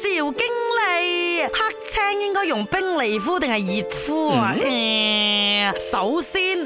趙經理，黑青應該用冰嚟敷定係熱敷啊？嗯、首先。